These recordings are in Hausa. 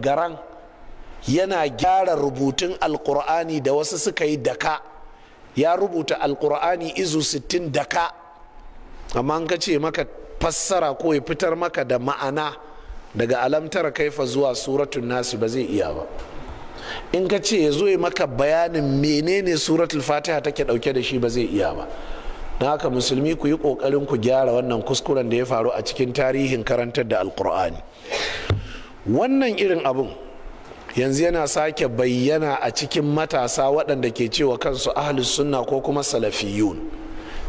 garan yana gyara rubutun alkur'ani da wasu suka yi daka ya rubuta alkur'ani izu 60 daka amma an ka ce maka fassara ko ya fitar maka da ma'ana daga alamtar kaifa zuwa suratun nasi ba zai iya ba in ka ce ya zo yi maka bayanin menene suratul fatiha take dauke da shi ba zai iya ba na haka musulmi ku yi kokarin ku gyara wannan kuskuren da ya faru a cikin tarihin karantar da alkur'ani wannan irin abun yanzu yana sake bayyana a cikin matasa waɗanda ke cewa kansu ahlus sunna ko kuma salafiyun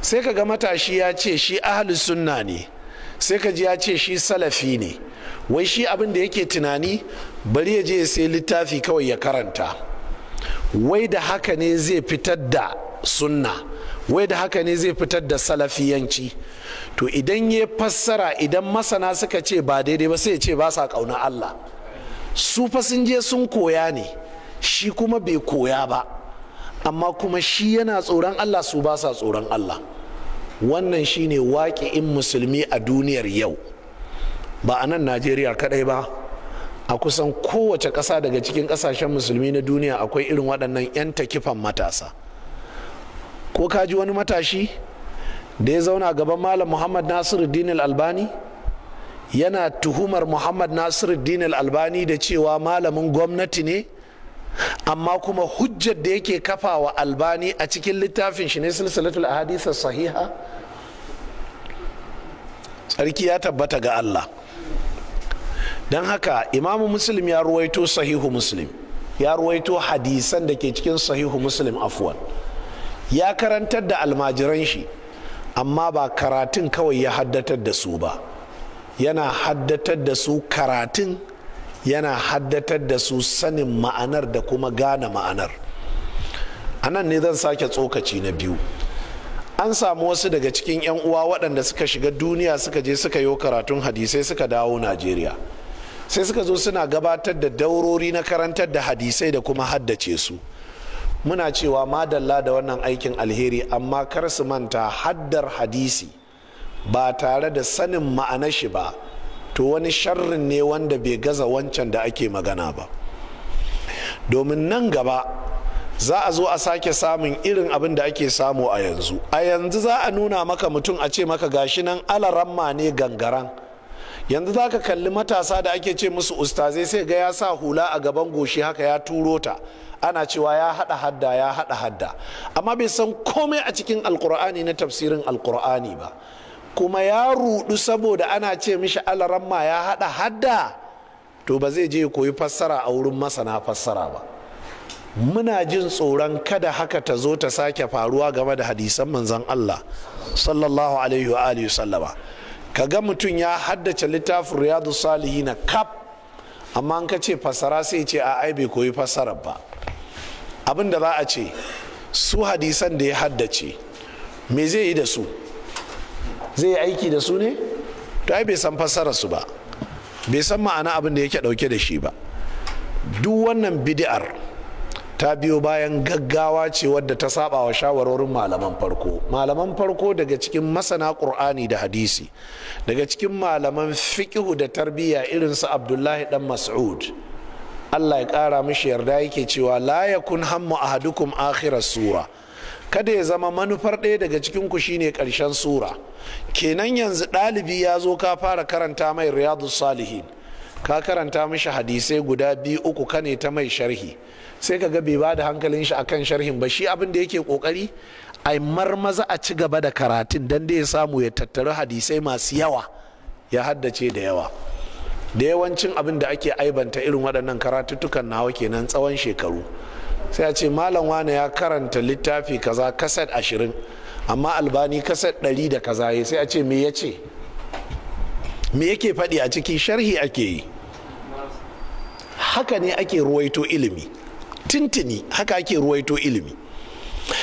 sai ka ga matashi ya ce shi ahlus sunna ne sai ka ji ya ce shi salafi ne wai shi abin da yake tunani bari ya je sai littafi kawai ya karanta wai da haka ne zai fitar da sunna wai da haka ne zai fitar da salafiyanci to idan ya fassara idan masana suka ce ba daidai ba sai ya ce ba sa kauna Allah su fa sun je sun koya ne shi kuma bai koya ba amma kuma shi yana tsoron Allah su ba sa tsoron Allah wannan shi shine in musulmi a duniyar yau ba a nan Najeriya kadai ba a kusan kowace ƙasa daga cikin ƙasashen musulmi na duniya akwai irin waɗannan 'yan takifan matasa ko ka ji wani matashi da ya zauna gaban malam muhammad nasiruddin albani yana tuhumar muhammad nasiruddin albani da cewa malamin gwamnati ne amma kuma hujjar da yake kafa wa albani a cikin littafin shi ne silsilatul ahadisa sahiha tsarki ya tabbata ga allah don haka imamu muslim ya ruwaito sahihu muslim ya ruwaito hadisan da ke cikin sahihu muslim afwan ya karantar da almajiran shi amma ba karatun kawai ya haddatar da su ba yana haddatar da su karatun yana haddatar da su sanin ma'anar da kuma gane ma'anar a nan ne zan sake tsokaci na biyu an samu wasu daga cikin 'yan uwa waɗanda suka shiga duniya suka je suka yi karatun hadisai suka dawo najeriya sai suka zo suna gabatar da daurori na karantar da hadisai da kuma haddace su muna cewa madalla da wannan aikin alheri amma kar su manta haddar hadisi ba tare da sanin ma'ana shi ba to wani sharrin ne wanda bai gaza wancan da ake magana ba domin nan gaba za a zo a sake samun irin abin da ake samu a yanzu a yanzu za a nuna maka mutum a ce maka gashi nan alaramma ne gangaran yanzu za ka kalli matasa da ake ce musu ustazai sai ga ya sa hula a gaban goshi haka ya turo ta ana cewa ya haɗa hadda ya haɗa hadda amma bai san komai a cikin alkur'ani na tafsirin alkur'ani ba kuma ya rudu saboda ana ce mishi alaramma ya haɗa hadda to ba zai je koyi fassara a wurin masana fassara ba muna jin tsoron kada haka ta zo ta sake faruwa game da hadisan manzon Allah sallallahu alaihi wa alihi sallama ka ga mutum ya haddace littafin riyadu na kaf amma an ka ce fasara sai ce a ai bai koyi fasara ba abin da za a ce su hadisan da ya haddace me zai yi da su zai yi aiki da su ne to ai bai san fassarar su ba bai san ma'ana abin da yake dauke da shi ba duk wannan bid'ar ta biyo bayan gaggawa ce wadda ta saba wa shawarorin malaman farko malaman farko daga cikin masana ƙur'ani da hadisi daga cikin malaman fiqhu da tarbiyya irin su abdullahi ɗan mas'ud Allah ya ƙara mishi yarda yake cewa la yakun hammu ahadukum akhirar sura kada ya zama manufar ɗaya daga cikin ku shine ƙarshen sura kenan yanzu ɗalibi ya zo ka fara karanta mai riyadu salihin ka karanta mishi hadisai guda biyu uku kane ta mai sharhi sai ka ga bai ba da hankalin shi akan sharhin ba shi abin da yake kokari a marmaza a ci gaba da karatun don da ya samu ya tattara hadisai masu yawa ya haddace da yawa da yawancin abin da ake aibanta irin waɗannan karatuttukan nawa kenan tsawon shekaru sai a ce malam wane ya karanta littafi kaza kaset ashirin amma albani kaset ɗari da kaza sai a ce me ya ce me yake faɗi a ciki sharhi ake yi haka ne ake ruwaito ilimi tintini haka ake ruwaito ilimi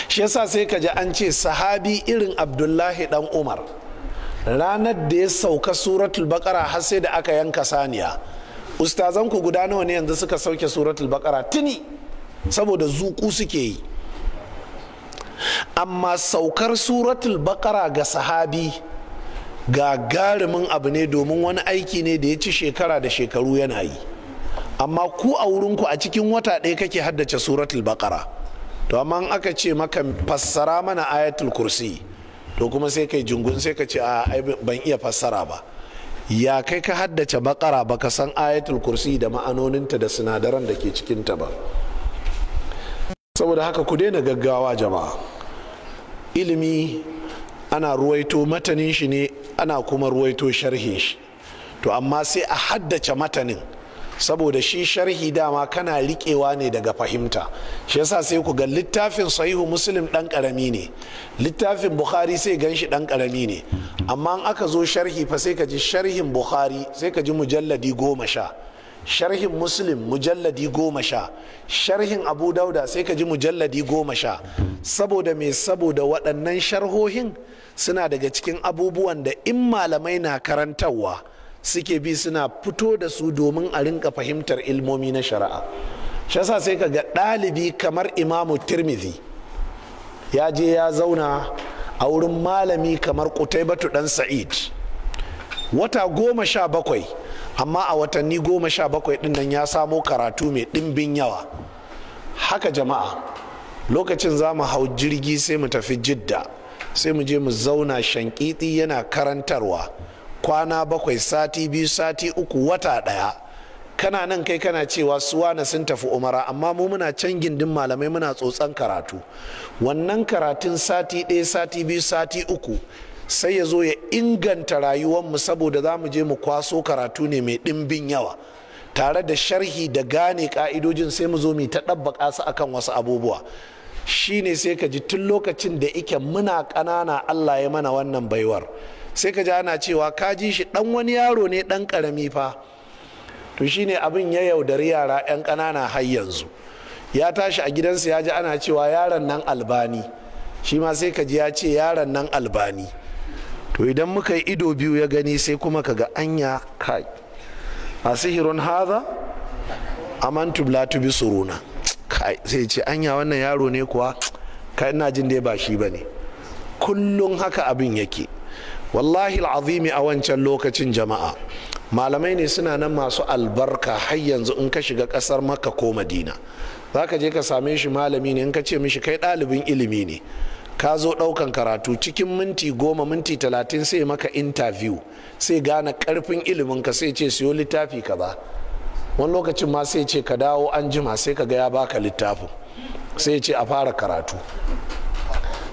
shi yasa sai ka ji an ce sahabi irin abdullahi dan umar ranar da ya sauka suratul bakara har sai da aka yanka saniya ustazanku guda nawa ne yanzu suka sauke suratul bakara tuni saboda zuku suke yi amma saukar suratul bakara ga sahabi gagarumin abu ne domin wani aiki ne da ya ci shekara da shekaru yana yi amma ku a wurinku a cikin wata ɗaya kake haddace suratul bakara to amma aka ce maka fassara mana ayatul kursi to kuma sai kai jingun sai ka ce a ban iya fassara ba ya kai ka haddace bakara baka san ayatul kursi da ma'anoninta da sinadaran da ke cikin ta ba saboda haka ku daina gaggawa jama'a ilimi ana ruwaito matanin shi ne ana kuma ruwaito sharhin shi to amma sai a haddace matanin saboda shi sharhi dama kana riƙewa ne daga fahimta shi yasa sai ku ga littafin sahihu muslim dan karami ne littafin bukhari sai gan shi ɗan karami ne amma aka zo sharhi fa sai ka ji sharhin bukhari sai ka ji mujalladi goma sha sharhin muslim mujalladi goma sha sharhin abu dauda sai ka ji mujalladi goma sha saboda mai saboda waɗannan sharhohin suna daga cikin abubuwan da in malamai na karantarwa suke bi suna fito da su domin a rinka fahimtar ilmomi na shari'a shasa sai ka ga ɗalibi kamar imamu tirmidhi ya je ya zauna a wurin malami kamar kutaibatu dan sa'id wata goma sha bakwai amma a watanni goma sha bakwai din nan ya samo karatu mai ɗimbin yawa haka jama'a lokacin za mu hau jirgi sai mu tafi jidda sai mu je mu zauna shankiti yana karantarwa kwana bakwai sati biyu sati uku wata ɗaya kana nan kai kana cewa na sun tafi umara amma mu muna can gindin malamai muna tsotsan karatu wannan karatun sati ɗaya sati biyu sati uku sai ya zo ya inganta rayuwanmu saboda za mu je mu kwaso karatu ne mai ɗimbin yawa tare da sharhi da gane ka'idojin sai mu zo mu ta ɗabba su akan wasu abubuwa shine sai ka ji tun lokacin da ike muna ƙanana allah ya mana wannan baiwar sai ka ji ana cewa ka ji shi ɗan wani yaro ne ɗan ƙarami fa to shine abin ya yaudari yara 'yan ƙanana har yanzu ya tashi a gidansa ya ji ana cewa yaron nan albani shi ma sai ka ji ya ce yaron nan albani to idan muka yi ido biyu ya gani sai kuma ka ga anya kai a sihirun haza amantu la tubi suruna sai ce anya wannan yaro ne kuwa ka ina jin dai ba shi bane kullum haka abin yake wallahi al'azimi a wancan lokacin jama'a malamai ne suna nan masu albarka har yanzu in ka shiga kasar makka ko madina za ka je ka same shi malami ne in ka ce mishi kai ɗalibin ilimi ne ka zo ɗaukan karatu cikin minti goma minti talatin sai maka interview sai gane ƙarfin ka sai ce siyo littafi ka ba. wani lokacin ma sai ce ka dawo an jima sai ka ga ya baka littafin sai ce a fara karatu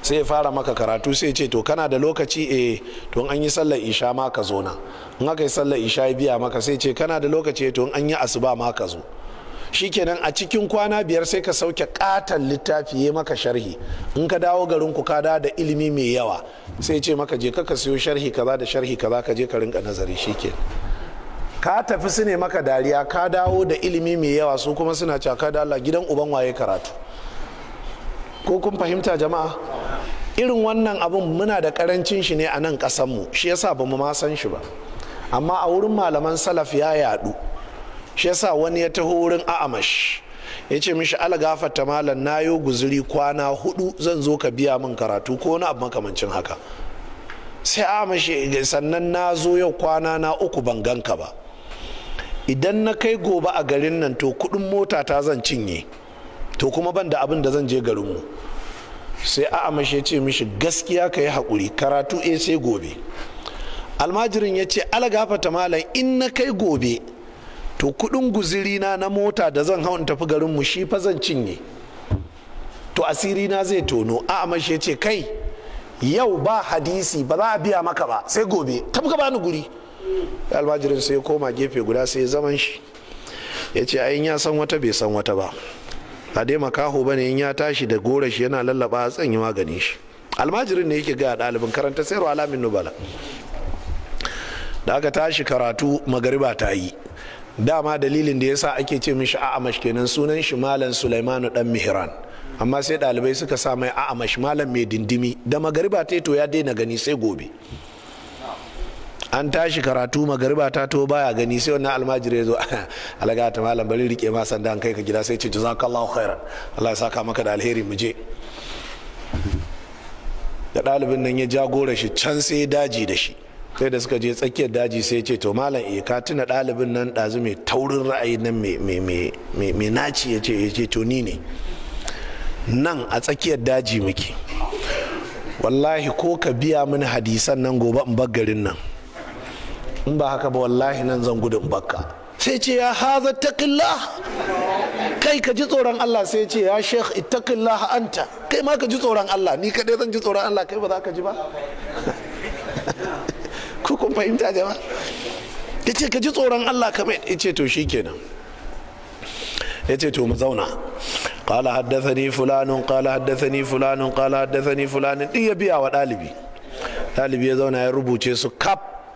sai ya fara maka karatu sai ce to kana da lokaci eh to an yi sallar isha ma ka zo na in aka yi sallar isha ya biya maka sai ce kana da lokaci eh, to an yi asuba ma ka zo shikenan a cikin kwana biyar sai ka sauke katon littafi ya maka sharhi in ka dawo garin ku ka da ilimi mai yawa sai ce maka je ka siyo sharhi kaza da sharhi kaza ka je ka rinka nazari shikenan ka tafi su ne maka dariya ka dawo da ilimi mai yawa su kuma suna caka da Allah gidan uban waye karatu ko kun fahimta jama'a irin wannan abun muna da karancin shi ne a nan mu shi yasa ba mu ma san shi ba amma a wurin malaman salaf ya yadu shi yasa wani ya taho wurin a'amash ya ce mishi ta malam na yo guzuri kwana hudu zan zo ka biya min karatu ko wani abu makamancin haka sai a'amash sannan na zo yau kwana na uku ban ganka ba idan na kai gobe a garin nan to kudin mota ta zan cinye to kuma ban da abin da zan je garinmu sai a amashe ce mishi gaskiya ka yi haƙuri karatu e sai gobe almajirin ya ce algafata malam in na kai gobe to kudin guzirina na mota da zan hau in tafi garinmu shi fa zan cinye to asiri na zai tono a amashe ce kai yau ba hadisi ba za a biya maka ba sai gobe tafi ka bani guri almajirin sai koma gefe guda sai ya zaman shi ya ce ayin ya san wata bai san wata ba a dai makaho ne in ya tashi da gora shi yana lallaba a tsanyi magani shi almajirin ne yake ga ɗalibin karanta ruwa alamin nubala da aka tashi karatu magariba ta yi dama dalilin da ya yasa ake ce mishi amash kenan sunan shi malam sulaimanu dan mihran amma sai dalibai suka sa mai amash malam mai dindimi da magariba ta to ya daina gani sai gobe an tashi karatu magariba ta to baya gani sai wannan almajiri ya zo alaga ta malam bari rike ma sanda kai ka gida sai ce jazakallahu khairan Allah ya saka maka da alheri mu je da ɗalibin nan ya jagora shi can sai daji da shi sai da suka je tsakiyar daji sai ce to malam e ka tuna ɗalibin nan ɗazu mai taurin ra'ayi nan mai naci ya ce ya ce to ni ne nan a tsakiyar daji muke wallahi ko ka biya mini hadisan nan gobe in bar garin nan in ba haka ba wallahi nan zan gudun bakka sai ce ya haza taqillah kai ka ji tsoron Allah sai ce ya sheikh ittaqillah anta kai ma ka ji tsoron Allah ni kadai zan ji tsoron Allah kai ba za ka ji ba ku kun fahimta jama'a ce ka ji tsoron Allah kamar ce to shikenan ce to mu zauna قال حدثني فلان قال حدثني فلان ni حدثني Ɗin ya biya wa ɗalibi. ɗalibi ya zauna ya rubuce su kap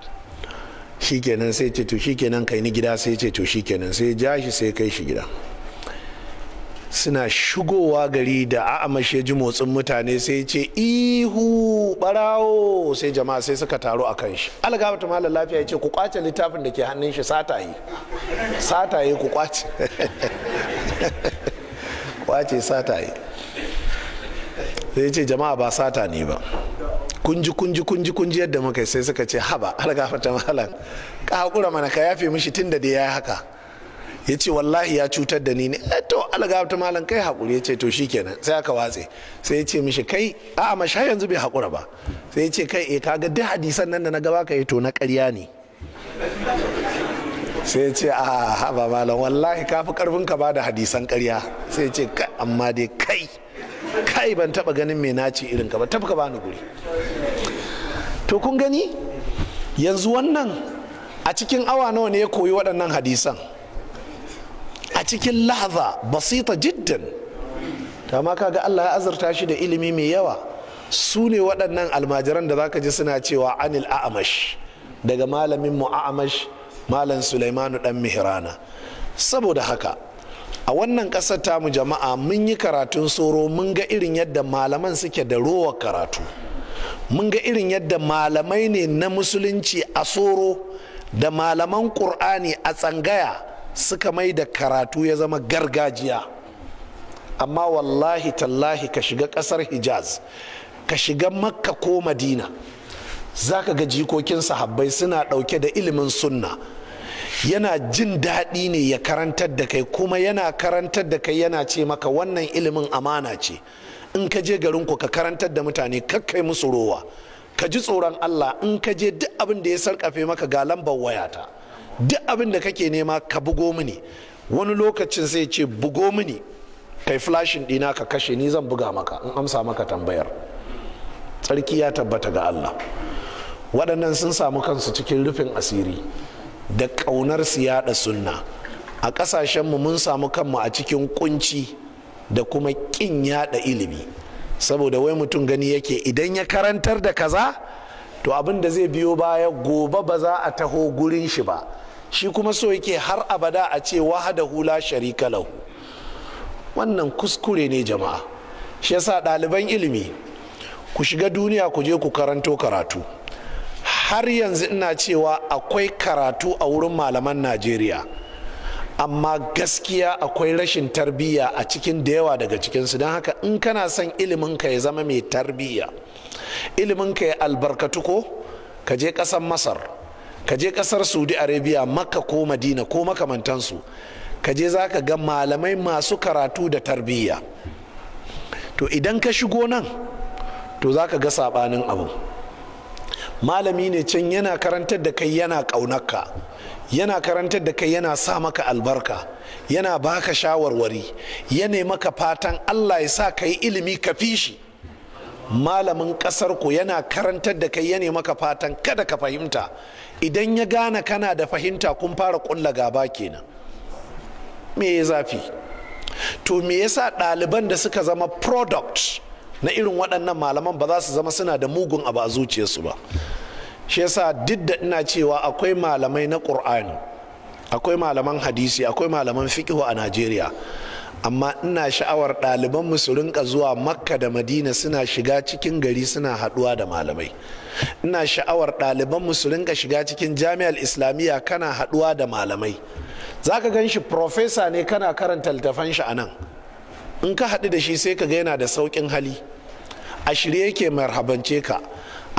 shikenan sai ce to shikenan kai ni gida sai ce to shikenan sai ja shi sai kai shi gida suna shigowa gari da a'a ya ji motsin mutane sai ce ihu barawo sai jama'a sai suka taru a kan shi ta malam lafiya ya ce ku kwace littafin da ke hannun shi sataye sataye ku kwace kwace sataye sai ce jama'a ba sata ne ba kunji kunji kunji kunji yadda muka sai suka ce haba har gafata malam ka hakura mana ka yafe mishi tunda da ya haka ya ce wallahi ya cutar da ni ne eh to algafata malam kai hakuri ya ce to shikenan sai aka watse sai ya ce mishi kai a a sha yanzu bai hakura ba sai ya ce kai eh kaga duk hadisan nan da na gaba ka yi eh, to na karya ne sai ce a haba malam wallahi kafi karfin ka bada hadisan karya sai ce amma dai kai kai ban taba ganin mai naci irin ka ba tafka bani guri to kun gani yanzu wannan a cikin awa nawa ne ya koyi waɗannan hadisan a cikin lahaza basita jiddan ta ma kaga Allah ya azurta shi da ilimi mai yawa su ne waɗannan almajiran da zaka ji suna cewa anil a'amash daga malamin mu a'amash malam sulaimanu dan mihrana saboda haka a wannan ƙasar tamu jama'a mun yi karatun soro mun ga irin yadda malaman suke da rowar karatu mun ga irin yadda malamai ne na musulunci a tsoro da malaman ƙur'ani a tsangaya suka mai da karatu ya zama gargajiya amma wallahi tallahi ka shiga ƙasar hijaz ka shiga makka ko madina za ka ga jikokin sahabbai suna ɗauke da ilimin sunna yana jin daɗi ne ya karantar da kai kuma yana karantar da kai yana ce maka wannan ilimin amana ce in ka je garin ku ka karantar da mutane kakkai musu rowa ka ji tsoron Allah in ka je duk abin da ya sarkafe maka ga lambar wayata duk abin da kake nema ka bugo mini wani lokacin sai ce bugo mini kai flashin dina ka kashe ni zan buga maka in amsa maka tambayar tsarki ya tabbata ga Allah waɗannan sun samu kansu cikin rufin asiri da ƙaunar siyaɗa sunna a ƙasashenmu mun samu kanmu a cikin ƙunci. da kuma kin yada ilimi saboda wai mutum gani yake idan ya karantar da kaza to abin da zai biyo baya gobe ba za a taho gurin shi ba shi kuma so yake har abada a ce wahada hula sharika lahu wannan kuskure ne jama'a shi yasa ɗaliban ilimi ku shiga duniya ku je ku karanto karatu har yanzu ina cewa akwai karatu a wurin malaman najeriya amma gaskiya akwai rashin tarbiyya a cikin da yawa daga cikinsu don haka in kana son iliminka ya zama mai tarbiyya iliminka ya albarkatu ko ka je ƙasar masar ka je ƙasar saudi arabia makka ko madina ko makamantansu ka je za ka ga malamai masu karatu da tarbiyya to idan ka shigo nan to za ka ga sabanin abu malami ne can yana karantar da kai yana ƙaunarka yana karantar da kai yana sa maka albarka yana baka shawarwari nema maka fatan allah ya sa ka yi ilimi ka fi shi malamin kasar ku yana karantar da kai yana maka fatan kada ka fahimta idan ya gane kana da fahimta kun fara kulla gaba kenan me ya zafi to me yasa ɗaliban da suka zama product na irin waɗannan malaman ba za su zama suna da mugun abu a zuciyarsu ba shi yasa duk da ina cewa akwai malamai na ƙur'ani akwai malaman hadisi akwai malaman fikihu a najeriya amma ina sha'awar ɗaliban su rinka zuwa makka da madina suna shiga cikin gari suna haɗuwa da malamai ina sha'awar ɗaliban su rinka shiga cikin jami'ar islamiyya kana haɗuwa da malamai za ka gan shi profesa ne kana karanta littafan shi a nan in ka haɗu da shi sai ka ga yana da sauƙin hali a shirye yake marhabance ka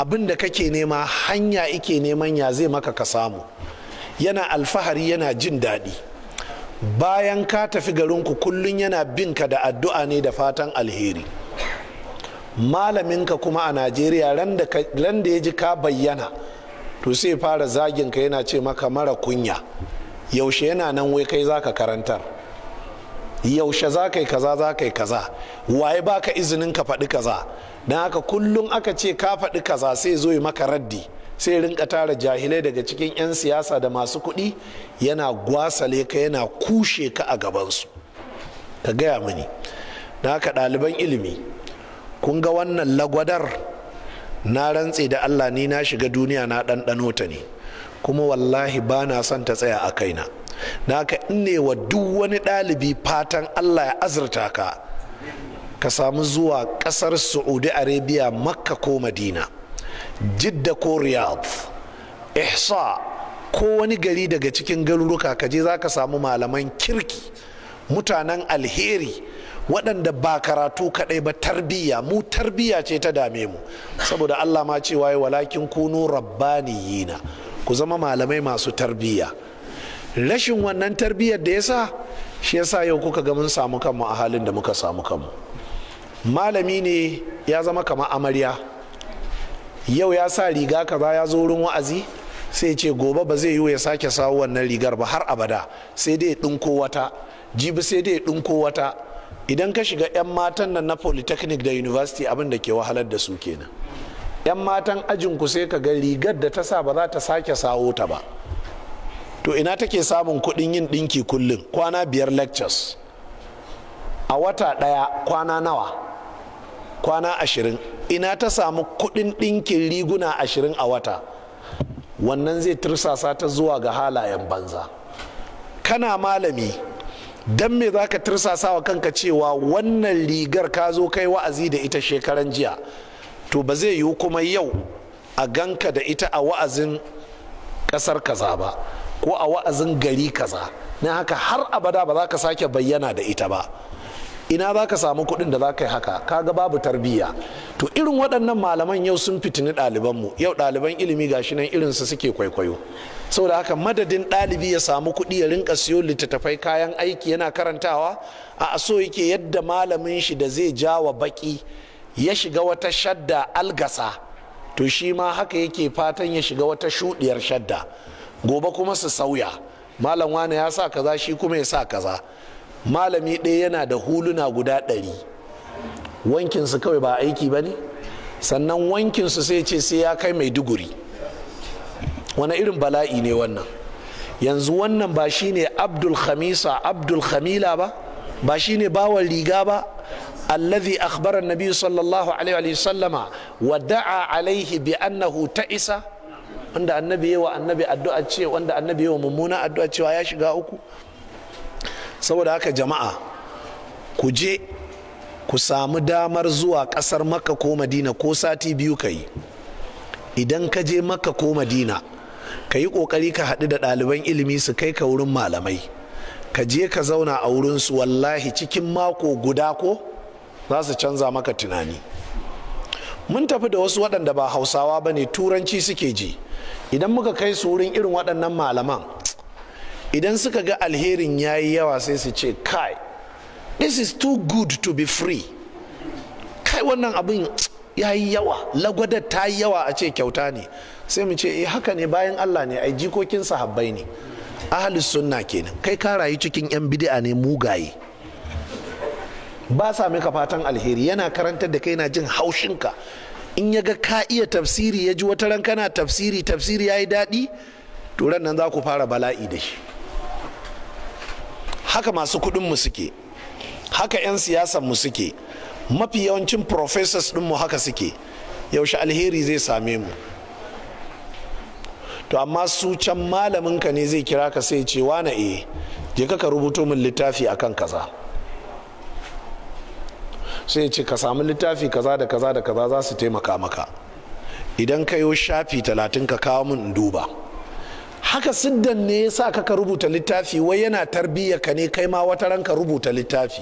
abin da kake nema hanya ike neman ya zai maka ka samu yana alfahari yana jin daɗi bayan ka tafi garinku kullum yana bin ka da addu'a ne da fatan alheri malaminka kuma a najeriya ran da ya ji ka bayyana to sai fara zagin ka yana ce maka mara kunya yaushe yana nan wai kai za ka karantar yaushe za ka yi kaza za ka yi kaza waye baka izinin ka faɗi kaza don haka kullum aka ce ka faɗi kaza sai zo yi maka raddi sai rinka tara jahilai daga cikin 'yan siyasa da masu kuɗi yana gwasale ka yana kushe ka a gabansu ka gaya mini na haka ɗaliban ilimi kun ga wannan lagwadar na rantse da allah ni na shiga duniya na ɗanɗano ta ne kuma wallahi ba na son ta tsaya a kaina na haka in ne wa duk wani ɗalibi fatan allah ya azurta ka ka samu zuwa kasar saudi arabia makka ko madina jidda ko riyadh ihsa ko wani gari daga cikin garuruka ka je za ka samu malaman kirki mutanen alheri waɗanda ba karatu kaɗai ba tarbiyya mu tarbiyya ce ta dame mu saboda allah ma cewa ya walakin kunu rabbaniyina ku zama malamai masu tarbiyya rashin wannan tarbiyyar da ya sa shi ya sa yau kuka ga mun samu kanmu a halin da muka samu kanmu malami ne ya zama kama amarya yau ya sa riga kaza ya zo wurin wa'azi sai ce gobe ba zai yi ya sake sawo wannan rigar ba har abada sai dai ɗinko wata jibi sai dai ɗinko wata idan ka shiga 'yan matan nan na polytechnic da university abin da ke wahalar da su kenan 'yan matan ajin ku sai ka ga rigar da ta sa ba za ta sake sawo ta ba to ina take samun kuɗin yin ɗinki kullum kwana biyar lectures a wata ɗaya kwana nawa kwana ashirin ina ta samu kudin ɗinkin riguna ashirin a wata wannan zai tirsasa ta zuwa ga halayen banza kana malami don me za ka tirsasa wa kanka cewa wannan rigar ka zo kai wa'azi da ita shekaran jiya to ba zai yiwu kuma yau a ganka da ita a wa'azin ƙasar kaza ba ko a wa'azin gari kaza na haka har abada ba za ka sake bayyana da ita ba ina za ka samu kuɗin da za ka yi haka kaga babu tarbiyya to irin waɗannan malaman yau sun fitini ɗalibanmu yau ɗaliban ilimi gashi nan irin su suke kwaikwayo saboda haka madadin ɗalibi ya samu kuɗi ya rinka siyo littattafai kayan aiki yana karantawa a so yake yadda malamin shi da zai jawa baki ya shiga wata shadda algasa to shi ma haka yake fatan ya shiga wata shuɗiyar shadda gobe kuma su sauya malam wane ya sa kaza shi kuma ya sa kaza malami ɗaya yana da huluna guda ɗari wankinsu kawai ba aiki ba ne sannan wankinsu sai ce sai ya kai mai duguri wani irin bala'i ne wannan yanzu wannan ba shi ne abdul abdul khamila ba ba shi ne bawan riga ba allazi akhbara nabi sallallahu alaihi wa sallama wa da'a alaihi bi annahu isa? wanda annabi yawa annabi addu'a ce wanda annabi yawa mummuna addu'a cewa ya shiga uku saboda haka jama'a ku je ku samu damar zuwa ƙasar makka ko madina ko sati biyu ka yi idan ka je makka ko madina ka yi ƙoƙari ka haɗu da ɗaliban ilimi su kai ka wurin malamai ka je ka zauna a wurinsu wallahi cikin mako guda ko za su canza maka tunani mun tafi da wasu waɗanda ba hausawa ba ne turanci suke ji idan muka kai su wurin irin waɗannan malaman idan suka ga alherin ya yi yawa sai su ce kai this is too good to be free kai wannan abin ya yi yawa lagwada ta yi yawa a ce kyauta ne sai mu ce eh haka ne bayan allah ne ai jikokin sahabbai ne ahli sunna kenan kai ka rayu cikin yan bid'a ne mugaye ba sa maka fatan alheri yana karantar da kai na jin haushin ka in ya ga ka iya tafsiri ya ji wata ran kana tafsiri tafsiri ya yi daɗi to nan za ku fara bala'i da shi haka masu kuɗin mu suke haka 'yan siyasan mu suke mafi yawancin professors ɗin mu haka suke yaushe alheri zai same mu to amma su can malamin ka ne zai kira ka sai ce wane e je ka rubuto min littafi akan kaza sai ce ka samu littafi kaza da kaza da kaza za su taimaka maka idan ka yi shafi talatin ka kawo min in duba haka siddan ne ya sa ka rubuta littafi wai yana tarbiyya ka ne kai ma wata ran ka rubuta littafi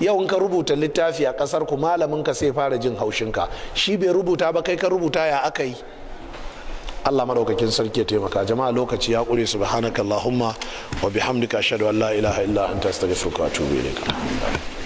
yau in ka rubuta littafi a kasar ku malamin ka sai fara jin haushin ka shi bai rubuta ba kai ka rubuta ya aka yi Allah madaukakin sarki ya taimaka jama'a lokaci ya kure subhanakallahumma wa bihamdika ashhadu an la ilaha illa anta astaghfiruka wa atubu ilaik